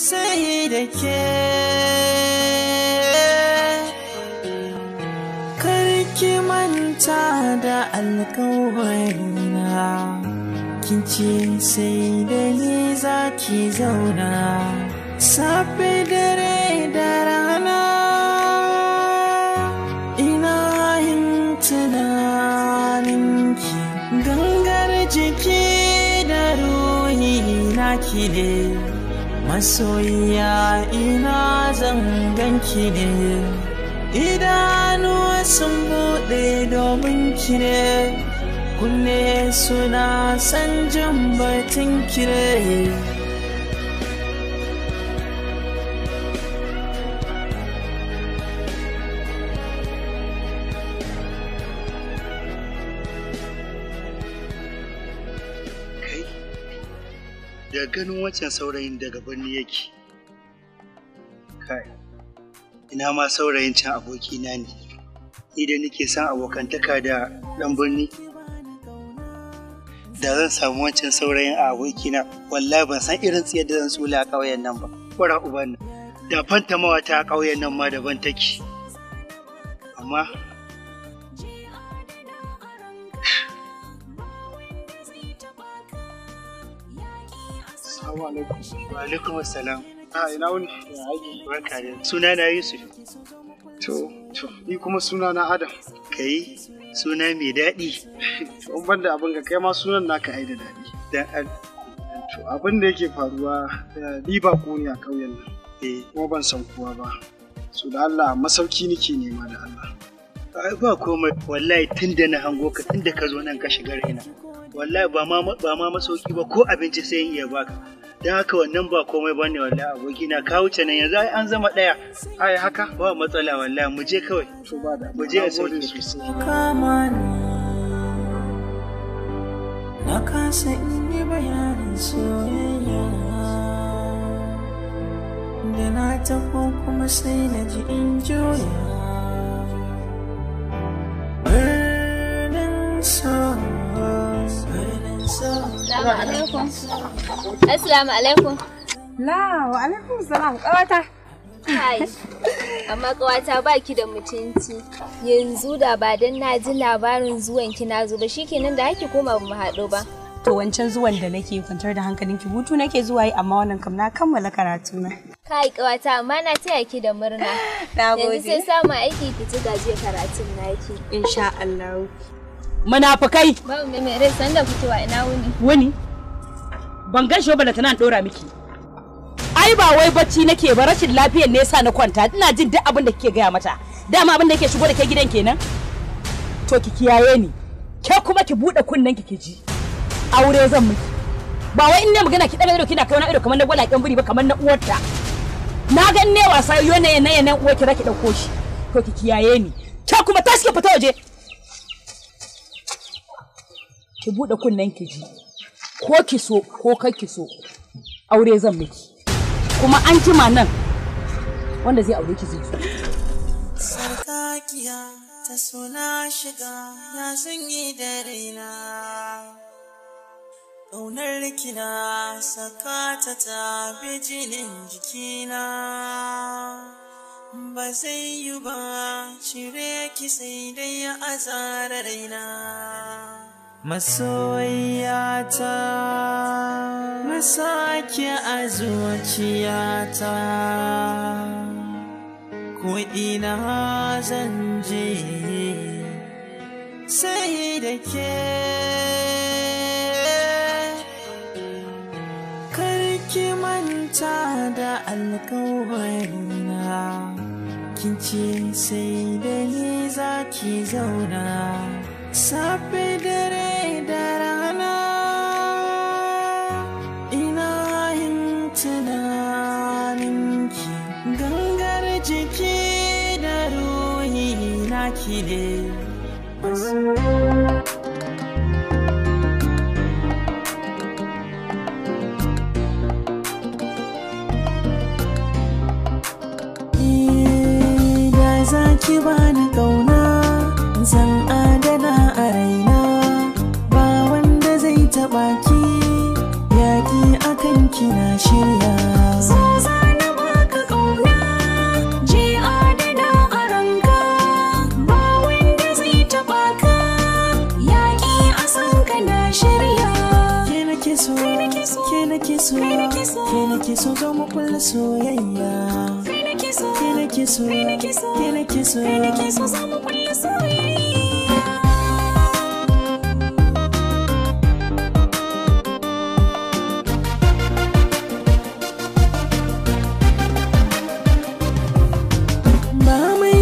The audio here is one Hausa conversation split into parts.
sai da ke karki manta da alkawarina kinci ce sai da ni za ki zauna safe dare da rana ina yin tunaninki gangar jiki da ruhi na kide ne soyayya ina zan ganki ne idanuwa sun buɗe domin ki ne kunne suna san jin batun ki ganin wancan saurayin daga birni yake kai ina ma saurayin can abokina ne ni da nake san abokantaka da ɗan birni da zan samu wancan saurayin a abokina wallahi ban san irin tsayar da zan tsula a ƙauyen nan ba kwara uban da fanta mawata a ƙauyen nan ma daban take amma alaikum. Wa alaikum assalam. A ah, ina wuni? Ya aiki. Barka da. Suna na Yusuf. To, to, ni kuma suna na Adam. Kai, suna mai daɗi. To, in da abin ga kai ma sunan naka ai da daɗi. Dan To, abin da yake faruwa ni ba ko ne a ƙauyen nan. Eh, kuma ban san kowa ba. So da Allah masauki nake nema da Allah. Ai ba komai wallahi tun da na hango ka tun da ka zo nan ka shiga raina. Wallahi ba ma masauki ba ko abinci sai in iya baka. don haka wannan ba komai ba ne wallahi aboki na ka wuce nan yanzu an zama ɗaya ai haka ba matsala wallahi mu je kawai mu je a sauke na kasa in yi bayanin soyayya da na tafi kuma sai na ji in juya alaikum. Assalamu alaikum. La, wa alaikum salam kawata. Kai, amma kawata da mutunci. Yanzu da ba dan na ji labarin zuwan ki na ba shikenan da haki koma mu haɗu ba. To wancan zuwan da nake kwantar da hankalinki hutu nake zuwa yi amma wannan kam na kammala karatu na. Kai kawata amma na taya ki da murna. Yanzu sai samu aiki ki ci gaje karatun naki. Insha Allah. munafukai mere sanda fitowa ina wuni wuni ban gan shi ba da tana dora miki ai ba wai bacci nake ba rashin lafiyar ne yasa na kwanta ina jin duk abin da kike gaya mata dama abin da yake shigo da ke gidan kenan to ki kiyaye ni ke kuma ki bude kunnen ki ji aure zan miki ba wai in ne magana ki daga ido kina kai wani ido kamar na gwalaken buri ba kamar na uwarta na ga ne wasa yone yana yana uwar ki zaki dauko shi to ki kiyaye ni ke kuma tashi ki fita waje ki buɗe kunnen ki ji ko ki so ko kai ki so aure zan miki kuma an jima nan wanda zai aure ki zai so sarkakiya ta suna shiga ya sanyi da raina ƙaunar na sakata ta bijinin jikina ba zai yi ba cire ki sai dai a tsara raina masoyata masake a zuciyata ko ina zan je sai da ke karki manta da alkawarina kin ce sai da ni za ki zauna safe çekilir. soyayya kai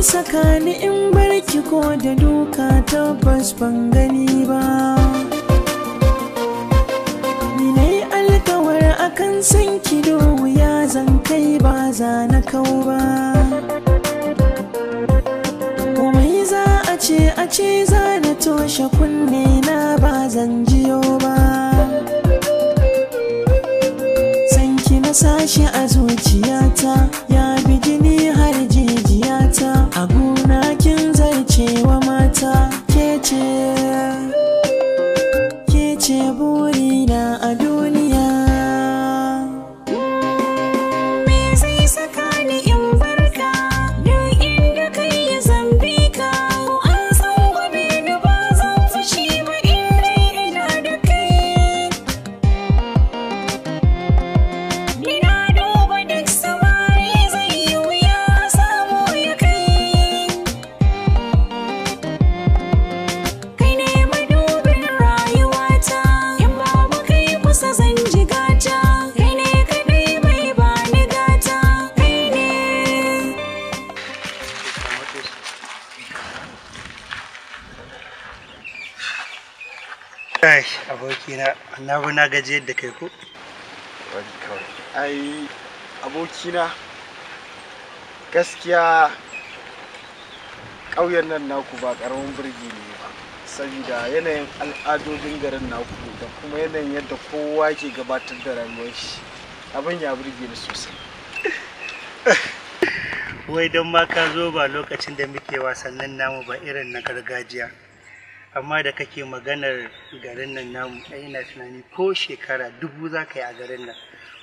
saka in barki ko da duka tabbas ban gani ba akan san kido wuya zan kai ba za na kau ba komai za a ce a ce za na toshe kunne na ba zan jiyo ba san ki na sashi a zuciyata na bi na gaji yadda kai ko ai abokina gaskiya ƙauyen nan naku ba ƙaramin birgi ne ba saboda yanayin al'adojin garin naku da kuma yanayin yadda kowa ke gabatar da rayuwar shi abin ya birge ni sosai wai don ma ka zo ba lokacin da muke wasannin namu ba irin na gargajiya amma da kake maganar garin nan namu ina tunani ko shekara dubu za ka yi a garin nan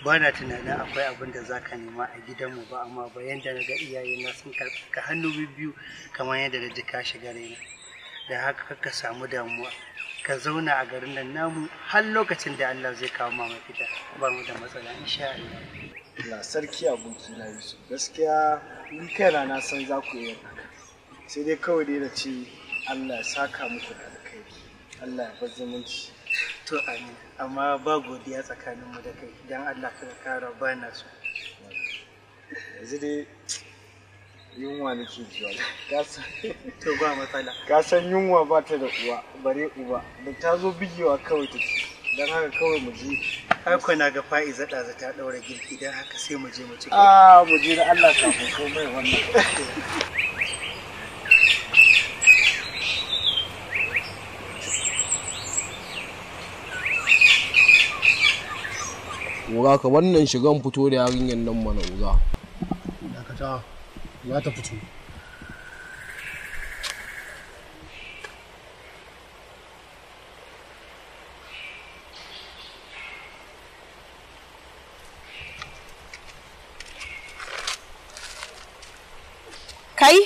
ba na tunanin akwai abin da za ka nema a gidanmu ba amma ba da na ga iyayena sun ka hannu biyu kamar yadda na jika ka shiga raina da haka ka samu damuwa ka zauna a garin nan namu har lokacin da Allah zai kawo ma mafita ba mu da matsala insha Allah Allah sarki aboki na Yusuf gaskiya ni kaina na san za ku yi sai dai kawai dai da ci Allah ya saka muku da alkhairi Allah ya bar zumunci to amin amma ba godiya tsakanin mu da kai dan Allah ka kara na su yanzu dai yunwa ke jiwa to ba matsala ka san yunwa ba ta da uwa bare uba da ta zo bigewa kawai ta dan haka kawai mu je ai na ga fa'iza da za ta daura girki dan haka sai mu je mu ci a ah, mu je da Allah ka ko mai wannan oga ka wannan shigan fito da yarinyar nan mana oga dakata za ta fito kai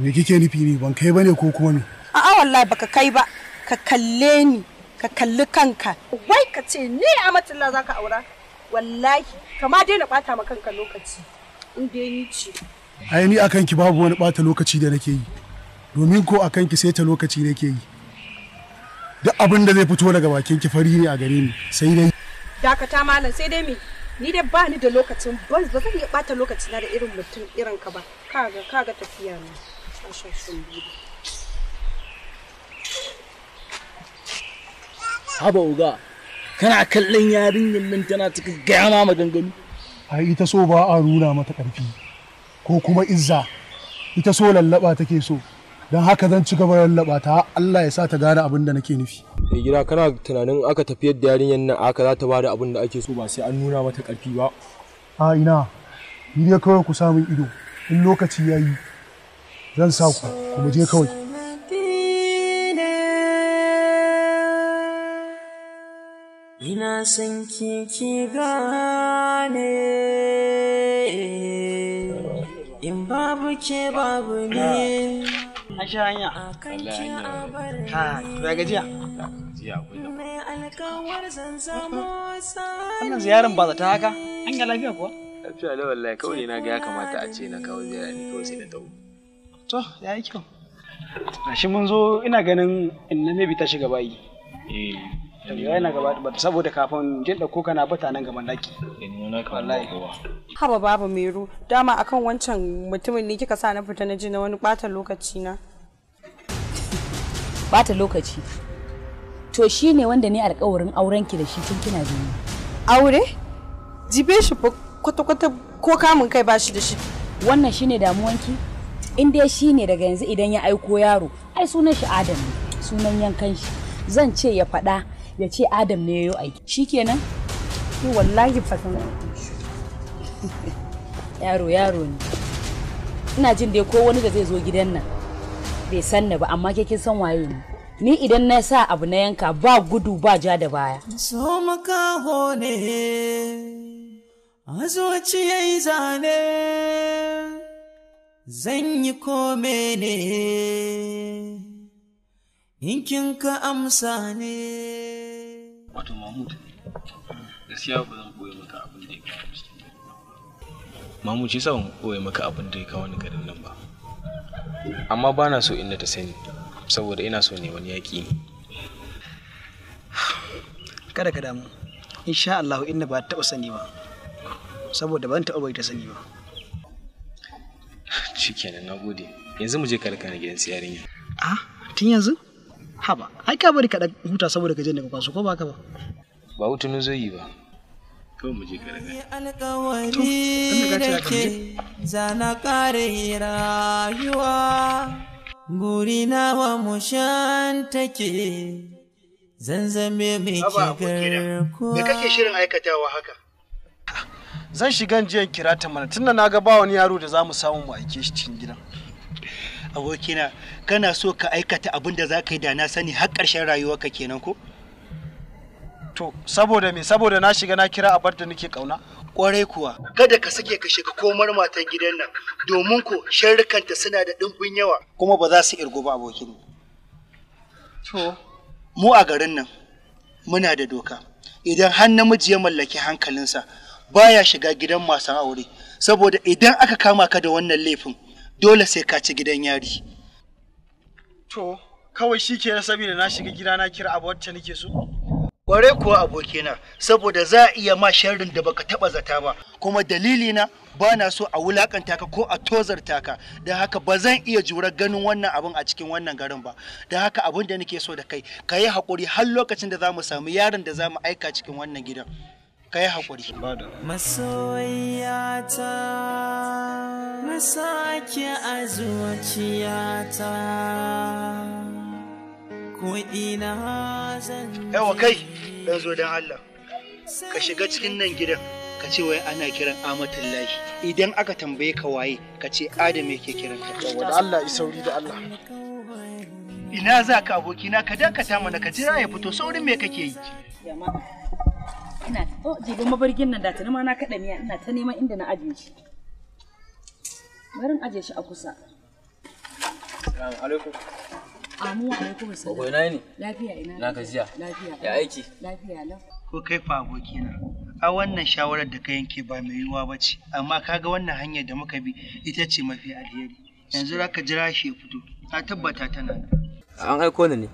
me kike nufi ne ban kai bane ko kuma ne a'a wallahi baka kai ba ka kalle ni ka kalli kanka wai ka ce ni a matilla za ka aura wallahi kama daina bata ma kanka lokaci in ni ce ai ni akan ki babu wani bata lokaci da nake yi domin ko akan ki sai ta lokaci nake yi duk abin da zai fito daga bakin ki fari ne a gare ni sai dai dakata malam sai dai me ni dai ba ni da lokacin ba zan iya bata lokaci na da irin mutum irin ka ba kaga kaga tafiya ne saba uga kana kallon yarinyar nan tana cikin gaya ma maganganu ai ita so ba a nuna mata karfi ko kuma izza ita so lallaba take so don haka zan ci gaba lallaba ta Allah ya sa ta gane abin da nake nufi eh gida kana tunanin aka tafi da yarinyar nan aka za ta bada abin da ake so ba sai an nuna mata karfi ba a ina ni dai kawai ku samun ido in lokaci yayi zan sa ku kuma je kawai ina san ki ki gane in babu ke babu ne a sha hanya ha ya gajiya mai alkawar zan zamo wannan ziyarar ba za ta haka an ga lafiya kuwa lafiya da wallahi kawai na ga ya kamata a ce na kawo ziyara ne kawai sai na tawo to ya yi kyau shi mun zo ina ganin in na maybe ta shiga bayi eh Tabiwa yana gaba da saboda kafin jin ɗauko kana bata nan gaban daki. Eh, Wallahi. Haba babu Meru, dama akan wancan mutumin ne kika sa na fita na na wani ɓata lokaci na. Ɓata lokaci? To shi ne wanda ne alkawarin aurenki da shi tun kina jini. Aure? Jibe shi kwata-kwata ko kamun kai ba shi da shi. Wannan shine damuwanki? In dai shi ne daga yanzu idan ya aiko yaro, ai sunan shi Adam ne, sunan yankan shi. Zan ce ya faɗa ya ce adam ne ya aiki shi kenan to wallahi yaro yaro ne ina jin dai ko wani da zai zo gidan nan bai san na ba amma ke kin san waye ne ni idan na sa abu na yanka ba gudu ba ja da baya so makaho ne a zane zan yi kome ne yinkin ka amsa ne. Wato Mahmud, gaskiya ba zan koya maka abin da ya kawo cikin Mahmud shi sa ban koya maka abin da ya kawo ni garin nan ba. Amma ba na so inda ta sani, saboda ina so ne wani yaƙi ne. Kada ka damu, insha Allah inda ba taɓa sani ba, saboda ban taɓa bai ta sani ba. Shikenan, na gode. Yanzu mu je karkana gidan su yarinya. Ah, tun yanzu? haba ai ka bari ka dan huta saboda ka je daga kwaso ko ba ka ba ba hutun zai yi ba kawai mu je ka daga alƙawari da ke zana kare rayuwa guri na wa mu shan take zanzame mai kigar kuwa me kake shirin aikatawa haka zan shiga jiyan kirata mana tunda na ga ba wani yaro da za mu samu mu aike shi cikin gidan abokina kana so ka aikata abin da za ka yi da na sani har ƙarshen rayuwarka kenan ko to saboda me saboda na shiga na kira abar da nake kauna kwarai kuwa kada ka sake ka shiga komar matan gidan nan domin ko sharrikanta suna da ɗimbin yawa kuma ba za su irgo ba abokin to mu a garin nan muna da doka idan har namiji ya mallaki hankalinsa baya shiga gidan masu aure saboda idan aka kama ka da wannan laifin dole sai ka ci gidan yari to kawai shi ke saboda na shiga gida na kira abu wacce nake so kware kuwa abokina saboda za a iya ma sharrin da baka taba zata ba kuma dalili na ba na so a wulakanta ka ko a tozarta ka da haka ba zan iya jura ganin wannan abin a cikin wannan garin ba da haka abin da nake so da kai ka yi haƙuri har lokacin da za mu samu yaron da za mu aika cikin wannan gidan kai haƙuri. Masoyiya ta, na a zuwaciyata, ko ina zan Yawa kai, ɗan zo don Allah, ka shiga cikin nan gidan. ka ce wai ana kiran amatin lahi idan aka tambaye ka waye ka ce adam yake kiran ka saboda Allah sauri da Allah ina za ka abokina ka dakata mana ka jira ya fito saurin me kake yi ina oh jiban mabargin nan da ta ma na kaɗa miya ina ta neman inda na ajiye shi bari in ajiye shi a kusa assalamu alaikum amu alaikum assalam ko ina ne lafiya ina na gajiya lafiya ya aiki lafiya lau ko kai fa abokina a wannan shawarar da ka yanke ba mai yiwuwa ba ce amma kaga wannan hanyar da muka bi ita ce mafi alheri yanzu za ka jira shi ya fito na tabbata tana nan an aiko ni ne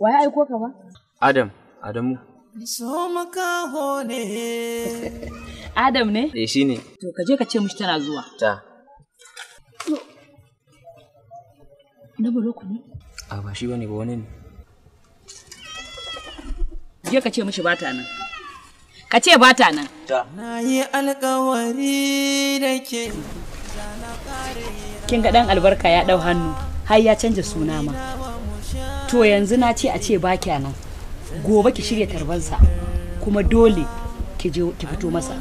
Wa ya aiko ka ba adam adamu So makaho ne. Adam ne? Eh shi ne. To ka je ka ce mishi tana zuwa. Ta. Na bolo ku ne? A ba shi bane ba wani ne. Je ka ce mishi bata nan. Ka ce bata nan. Ta. Na yi alkawari da ke. Kin ga dan albarka ya dau hannu har ya canja suna ma. To yanzu na ce a ce ba nan. gobe ki shirya tarbansa kuma dole ki je ki fito masa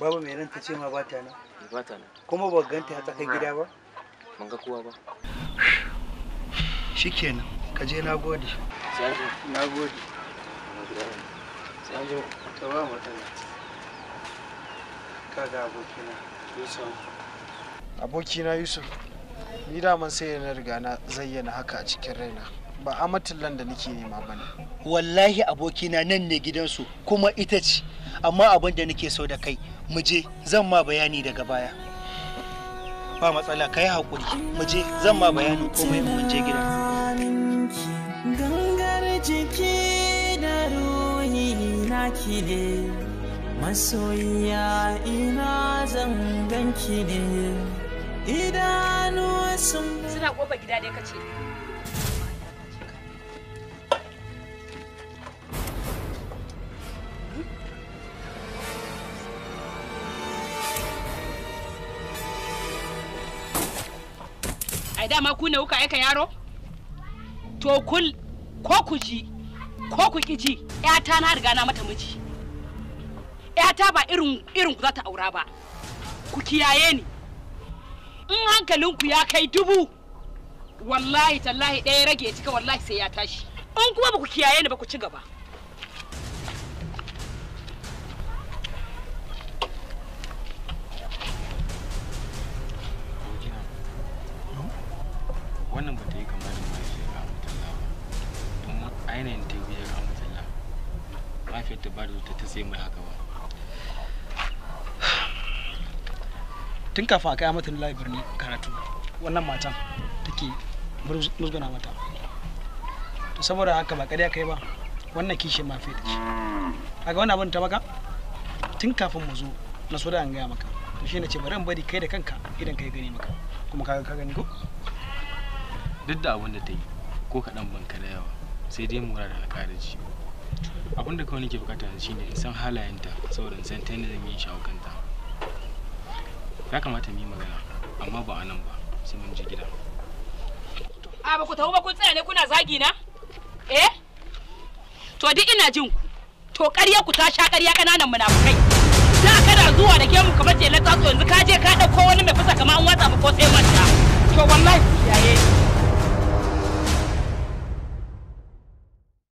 babu mai ranta ta ce ma ba ta na ba ta nan kuma ba ganta a tsakar gida ba ban ga kowa ba kenan, ka je na gode na gode sai an ji ta abokina yusuf abokina yusuf ni daman sai na riga na zayyana haka a cikin raina ba amatillan da nake nema ba ne wallahi abokina nan ne gidansu kuma ita ce amma abin da nake so da kai mu je zan ma bayani daga baya ba matsala ka yi haƙuri mu je zan ma bayani komai mun je gida gangar jiki da ruhi na masoyiya ina zan ganki ne idanuwansu suna kofa gida dai ka ce. dama ku ne kuka aika yaro to kul ko ku ji ko ku ki ji ƴata na riga na mata miji yata ba irin irin ku za ta aura ba ku kiyaye ni in hankalin ku ya kai dubu wallahi tallahi ɗaya rage ya cika wallahi sai ya tashi in kuma ba ku kiyaye ni ba ku ci gaba wannan ba ta yi kamar da ga rahmatullah ba domin a ta yi ga rahmatullah mahaifiyar ta ba da ta sai mai haka ba tun kafin a kai mata lai birni karatu wannan matan take musguna mata to saboda haka ba kariya kai ba wannan kishin ma fi da shi ga wannan abin ta maka tun kafin mu zo na so da an gaya maka to shi ce bari in bari kai da kanka idan kai gani maka kuma ka ka gani ko duk da abin da ta yi ko kaɗan ban da yawa sai dai mura da alƙalaci abin da kawai nake bukata shine in san halayenta saboda in san ta yadda zan yi shawakanta ya kamata mu yi magana amma ba a nan ba sai mun je gida a ba ku tafi ba kun tsaya ne kuna zagi na eh to duk ina jin ku to ƙarya ku ta sha ƙarya ƙananan munafukai da kana zuwa da ke mu kamar jelan tatsu yanzu ka je ka ɗauko wani mai fasa kamar an watsa mu ko sai mata to wallahi yaye